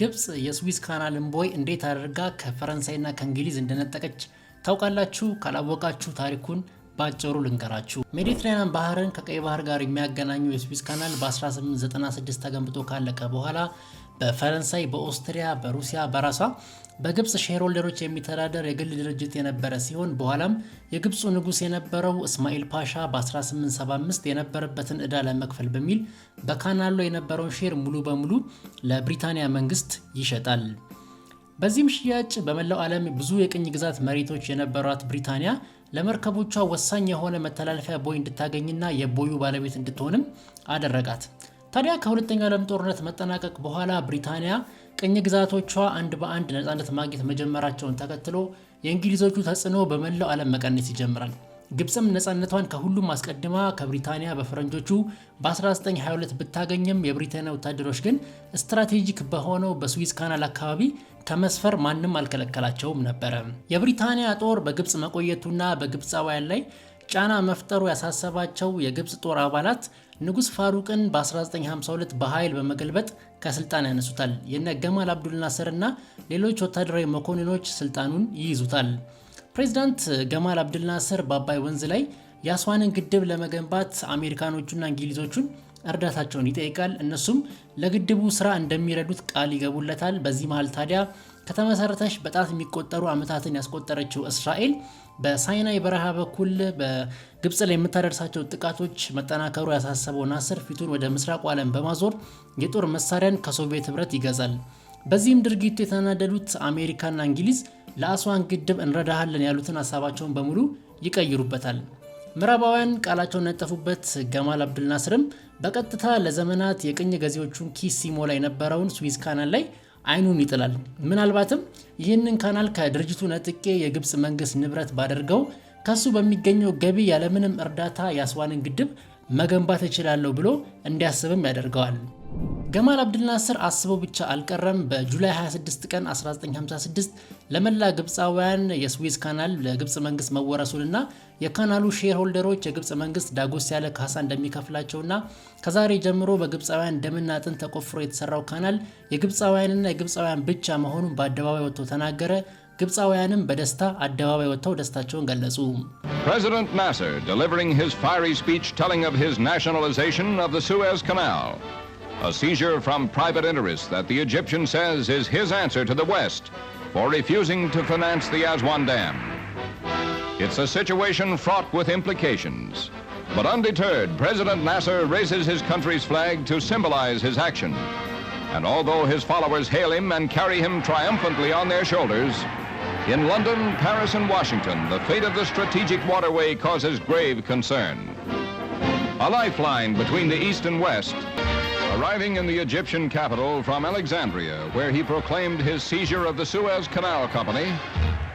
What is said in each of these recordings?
ግብፅ የስዊዝ ካናልን ቦይ እንዴት አድርጋ ከፈረንሳይና ከእንግሊዝ እንደነጠቀች ታውቃላችሁ? ካላወቃችሁ ታሪኩን ባጭሩ ልንገራችሁ። ሜዲትራኒያን ባህርን ከቀይ ባህር ጋር የሚያገናኘው የስዊዝ ካናል በ1896 ተገንብቶ ካለቀ በኋላ በፈረንሳይ፣ በኦስትሪያ፣ በሩሲያ በራሷ በግብፅ ሼርሆልደሮች የሚተዳደር የግል ድርጅት የነበረ ሲሆን በኋላም የግብፁ ንጉስ የነበረው እስማኤል ፓሻ በ1875 የነበረበትን ዕዳ ለመክፈል በሚል በካናሎ የነበረውን ሼር ሙሉ በሙሉ ለብሪታንያ መንግስት ይሸጣል። በዚህም ሽያጭ በመላው ዓለም ብዙ የቅኝ ግዛት መሬቶች የነበሯት ብሪታንያ ለመርከቦቿ ወሳኝ የሆነ መተላለፊያ ቦይ እንድታገኝና የቦዩ ባለቤት እንድትሆንም አደረጋት። ታዲያ ከሁለተኛው ዓለም ጦርነት መጠናቀቅ በኋላ ብሪታንያ ቅኝ ግዛቶቿ አንድ በአንድ ነፃነት ማግኘት መጀመራቸውን ተከትሎ የእንግሊዞቹ ተጽዕኖ በመላው ዓለም መቀነስ ይጀምራል። ግብፅም ነፃነቷን ከሁሉም አስቀድማ ከብሪታንያ በፈረንጆቹ በ1922 ብታገኝም የብሪታንያ ወታደሮች ግን ስትራቴጂክ በሆነው በስዊዝ ካናል አካባቢ ከመስፈር ማንም አልከለከላቸውም ነበረ። የብሪታንያ ጦር በግብፅ መቆየቱና በግብፃውያን ላይ ጫና መፍጠሩ ያሳሰባቸው የግብፅ ጦር አባላት ንጉሥ ፋሩቅን በ1952 በኃይል በመገልበጥ ከስልጣን ያነሱታል። የነ ገማል አብዱል እና ሌሎች ወታደራዊ መኮንኖች ስልጣኑን ይይዙታል። ፕሬዚዳንት ገማል አብዱል በአባይ ወንዝ ላይ የአስዋንን ግድብ ለመገንባት አሜሪካኖቹና እንግሊዞቹን እርዳታቸውን ይጠይቃል። እነሱም ለግድቡ ስራ እንደሚረዱት ቃል ይገቡለታል። በዚህ መሃል ታዲያ ከተመሰረተች በጣት የሚቆጠሩ ዓመታትን ያስቆጠረችው እስራኤል በሳይናይ በረሃ በኩል በግብፅ ላይ የምታደርሳቸው ጥቃቶች መጠናከሩ ያሳሰበው ናስር ፊቱን ወደ ምስራቁ ዓለም በማዞር የጦር መሳሪያን ከሶቪየት ህብረት ይገዛል። በዚህም ድርጊቱ የተናደዱት አሜሪካና እንግሊዝ ለአስዋን ግድብ እንረዳሃለን ያሉትን ሀሳባቸውን በሙሉ ይቀይሩበታል። ምዕራባውያን ቃላቸውን ነጠፉበት። ገማል አብዱልናስርም በቀጥታ ለዘመናት የቅኝ ገዜዎቹን ኪስ ሲሞላ የነበረውን ስዊዝ ካናል ላይ አይኑን ይጥላል። ምናልባትም ይህንን ካናል ከድርጅቱ ነጥቄ የግብፅ መንግስት ንብረት ባደርገው ከሱ በሚገኘው ገቢ ያለምንም እርዳታ የአስዋንን ግድብ መገንባት እችላለሁ ብሎ እንዲያስብም ያደርገዋል። ገማል አብድልናስር አስበው ብቻ አልቀረም። በጁላይ 26 ቀን 1956 ለመላ ግብፃውያን የስዊዝ ካናል ለግብፅ መንግስት መወረሱንና የካናሉ ሼር ሆልደሮች የግብፅ መንግስት ዳጎስ ያለ ካሳ እንደሚከፍላቸውና ከዛሬ ጀምሮ በግብፃውያን ደምና አጥንት ተቆፍሮ የተሰራው ካናል የግብፃውያንና የግብፃውያን ብቻ መሆኑን በአደባባይ ወጥቶ ተናገረ። ግብፃውያንም በደስታ አደባባይ ወጥተው ደስታቸውን ገለጹ። delivering his fiery speech telling of his nationalization of the Suez Canal a seizure from private interests that the Egyptian says is his answer to the West for refusing to finance the Aswan Dam. It's a situation fraught with implications. But undeterred, President Nasser raises his country's flag to symbolize his action. And although his followers hail him and carry him triumphantly on their shoulders, in London, Paris, and Washington, the fate of the strategic waterway causes grave concern. A lifeline between the East and West Arriving in the Egyptian capital from Alexandria, where he proclaimed his seizure of the Suez Canal Company,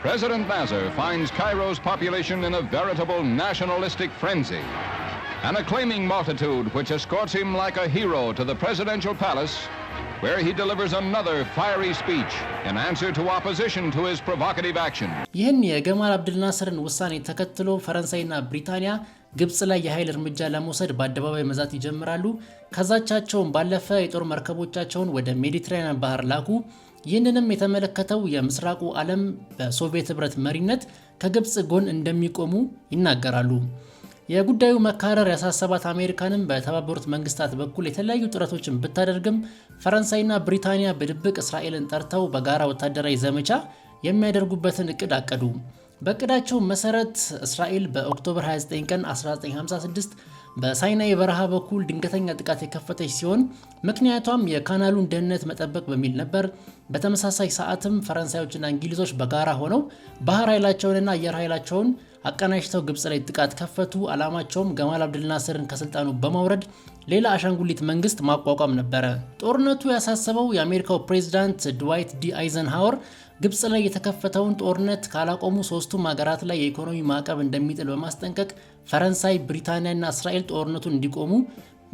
President Nasser finds Cairo's population in a veritable nationalistic frenzy. An acclaiming multitude which escorts him like a hero to the presidential palace, where he delivers another fiery speech in answer to opposition to his provocative action. ይህን የገማል ውሳኔ ተከትሎ ፈረንሳይና ብሪታንያ ግብፅ ላይ የኃይል እርምጃ ለመውሰድ በአደባባይ መዛት ይጀምራሉ። ከዛቻቸውን ባለፈ የጦር መርከቦቻቸውን ወደ ሜዲትራኒያን ባህር ላኩ። ይህንንም የተመለከተው የምስራቁ ዓለም በሶቪየት ህብረት መሪነት ከግብፅ ጎን እንደሚቆሙ ይናገራሉ። የጉዳዩ መካረር ያሳሰባት አሜሪካንም በተባበሩት መንግስታት በኩል የተለያዩ ጥረቶችን ብታደርግም ፈረንሳይና ብሪታንያ በድብቅ እስራኤልን ጠርተው በጋራ ወታደራዊ ዘመቻ የሚያደርጉበትን እቅድ አቀዱ። በእቅዳቸው መሰረት እስራኤል በኦክቶበር 29 ቀን 1956 በሳይናይ በረሃ በኩል ድንገተኛ ጥቃት የከፈተች ሲሆን ምክንያቷም የካናሉን ደህንነት መጠበቅ በሚል ነበር። በተመሳሳይ ሰዓትም ፈረንሳዮችና እንግሊዞች በጋራ ሆነው ባህር ኃይላቸውንና አየር ኃይላቸውን አቀናጅተው ግብጽ ላይ ጥቃት ከፈቱ። አላማቸውም ገማል አብደል ከስልጣኑ በማውረድ ሌላ አሻንጉሊት መንግስት ማቋቋም ነበረ። ጦርነቱ ያሳሰበው የአሜሪካው ፕሬዚዳንት ድዋይት ዲ አይዘንሃወር ግብጽ ላይ የተከፈተውን ጦርነት ካላቆሙ ሶስቱም ሀገራት ላይ የኢኮኖሚ ማዕቀብ እንደሚጥል በማስጠንቀቅ ፈረንሳይ፣ ብሪታንያና እስራኤል ጦርነቱን እንዲቆሙ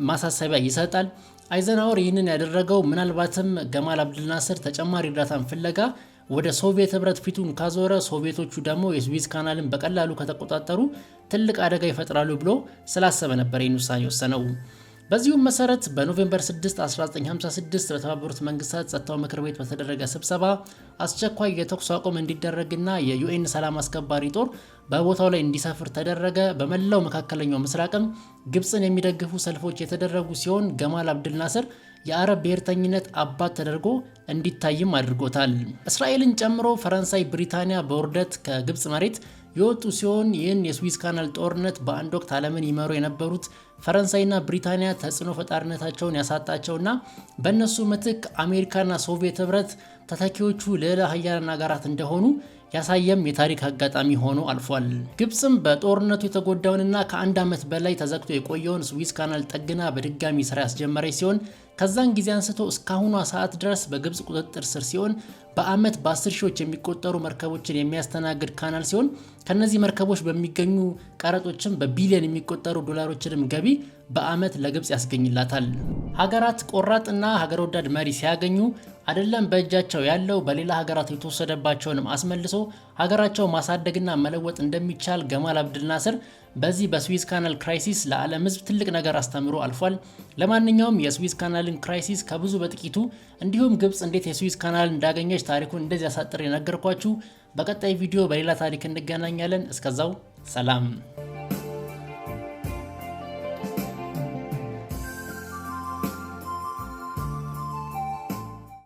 ማሳሰቢያ ይሰጣል። አይዘንሃወር ይህንን ያደረገው ምናልባትም ገማል አብደል ተጨማሪ እርዳታን ፍለጋ ወደ ሶቪየት ህብረት ፊቱን ካዞረ ሶቪየቶቹ ደግሞ የስዊዝ ካናልን በቀላሉ ከተቆጣጠሩ ትልቅ አደጋ ይፈጥራሉ ብሎ ስላሰበ ነበር ይህን ውሳኔ ወሰነው። በዚሁም መሰረት በኖቬምበር 6 1956 በተባበሩት መንግስታት ጸጥታው ምክር ቤት በተደረገ ስብሰባ አስቸኳይ የተኩስ አቁም እንዲደረግና የዩኤን ሰላም አስከባሪ ጦር በቦታው ላይ እንዲሰፍር ተደረገ። በመላው መካከለኛው ምስራቅም ግብፅን የሚደግፉ ሰልፎች የተደረጉ ሲሆን ገማል አብድልናስር የአረብ ብሔርተኝነት አባት ተደርጎ እንዲታይም አድርጎታል። እስራኤልን ጨምሮ ፈረንሳይ፣ ብሪታንያ በውርደት ከግብፅ መሬት የወጡ ሲሆን ይህን የስዊዝ ካናል ጦርነት በአንድ ወቅት ዓለምን ይመሩ የነበሩት ፈረንሳይና ብሪታንያ ተጽዕኖ ፈጣሪነታቸውን ያሳጣቸውና በእነሱ ምትክ አሜሪካና ሶቪየት ህብረት ተተኪዎቹ ልዕለ ሀያላን ሀገራት እንደሆኑ ያሳየም የታሪክ አጋጣሚ ሆኖ አልፏል። ግብፅም በጦርነቱ የተጎዳውንና ከአንድ ዓመት በላይ ተዘግቶ የቆየውን ስዊዝ ካናል ጠግና በድጋሚ ስራ ያስጀመረች ሲሆን ከዛን ጊዜ አንስቶ እስካሁኗ ሰዓት ድረስ በግብፅ ቁጥጥር ስር ሲሆን በ በአስር ሺዎች የሚቆጠሩ መርከቦችን የሚያስተናግድ ካናል ሲሆን ከነዚህ መርከቦች በሚገኙ ቀረጦችም በቢሊዮን የሚቆጠሩ ዶላሮችንም ገቢ በአመት ለግብፅ ያስገኝላታል። ሀገራት ቆራጥና ሀገር ወዳድ መሪ ሲያገኙ አይደለም በእጃቸው ያለው በሌላ ሀገራት የተወሰደባቸውንም አስመልሶ ሀገራቸው ማሳደግና መለወጥ እንደሚቻል ገማል አብድልናስር በዚህ በስዊዝ ካናል ክራይሲስ ለዓለም ሕዝብ ትልቅ ነገር አስተምሮ አልፏል። ለማንኛውም የስዊዝ ካናልን ክራይሲስ ከብዙ በጥቂቱ እንዲሁም ግብፅ እንዴት የስዊዝ ካናል እንዳገኘች ታሪኩን እንደዚህ አሳጥር የነገርኳችሁ። በቀጣይ ቪዲዮ በሌላ ታሪክ እንገናኛለን። እስከዛው ሰላም።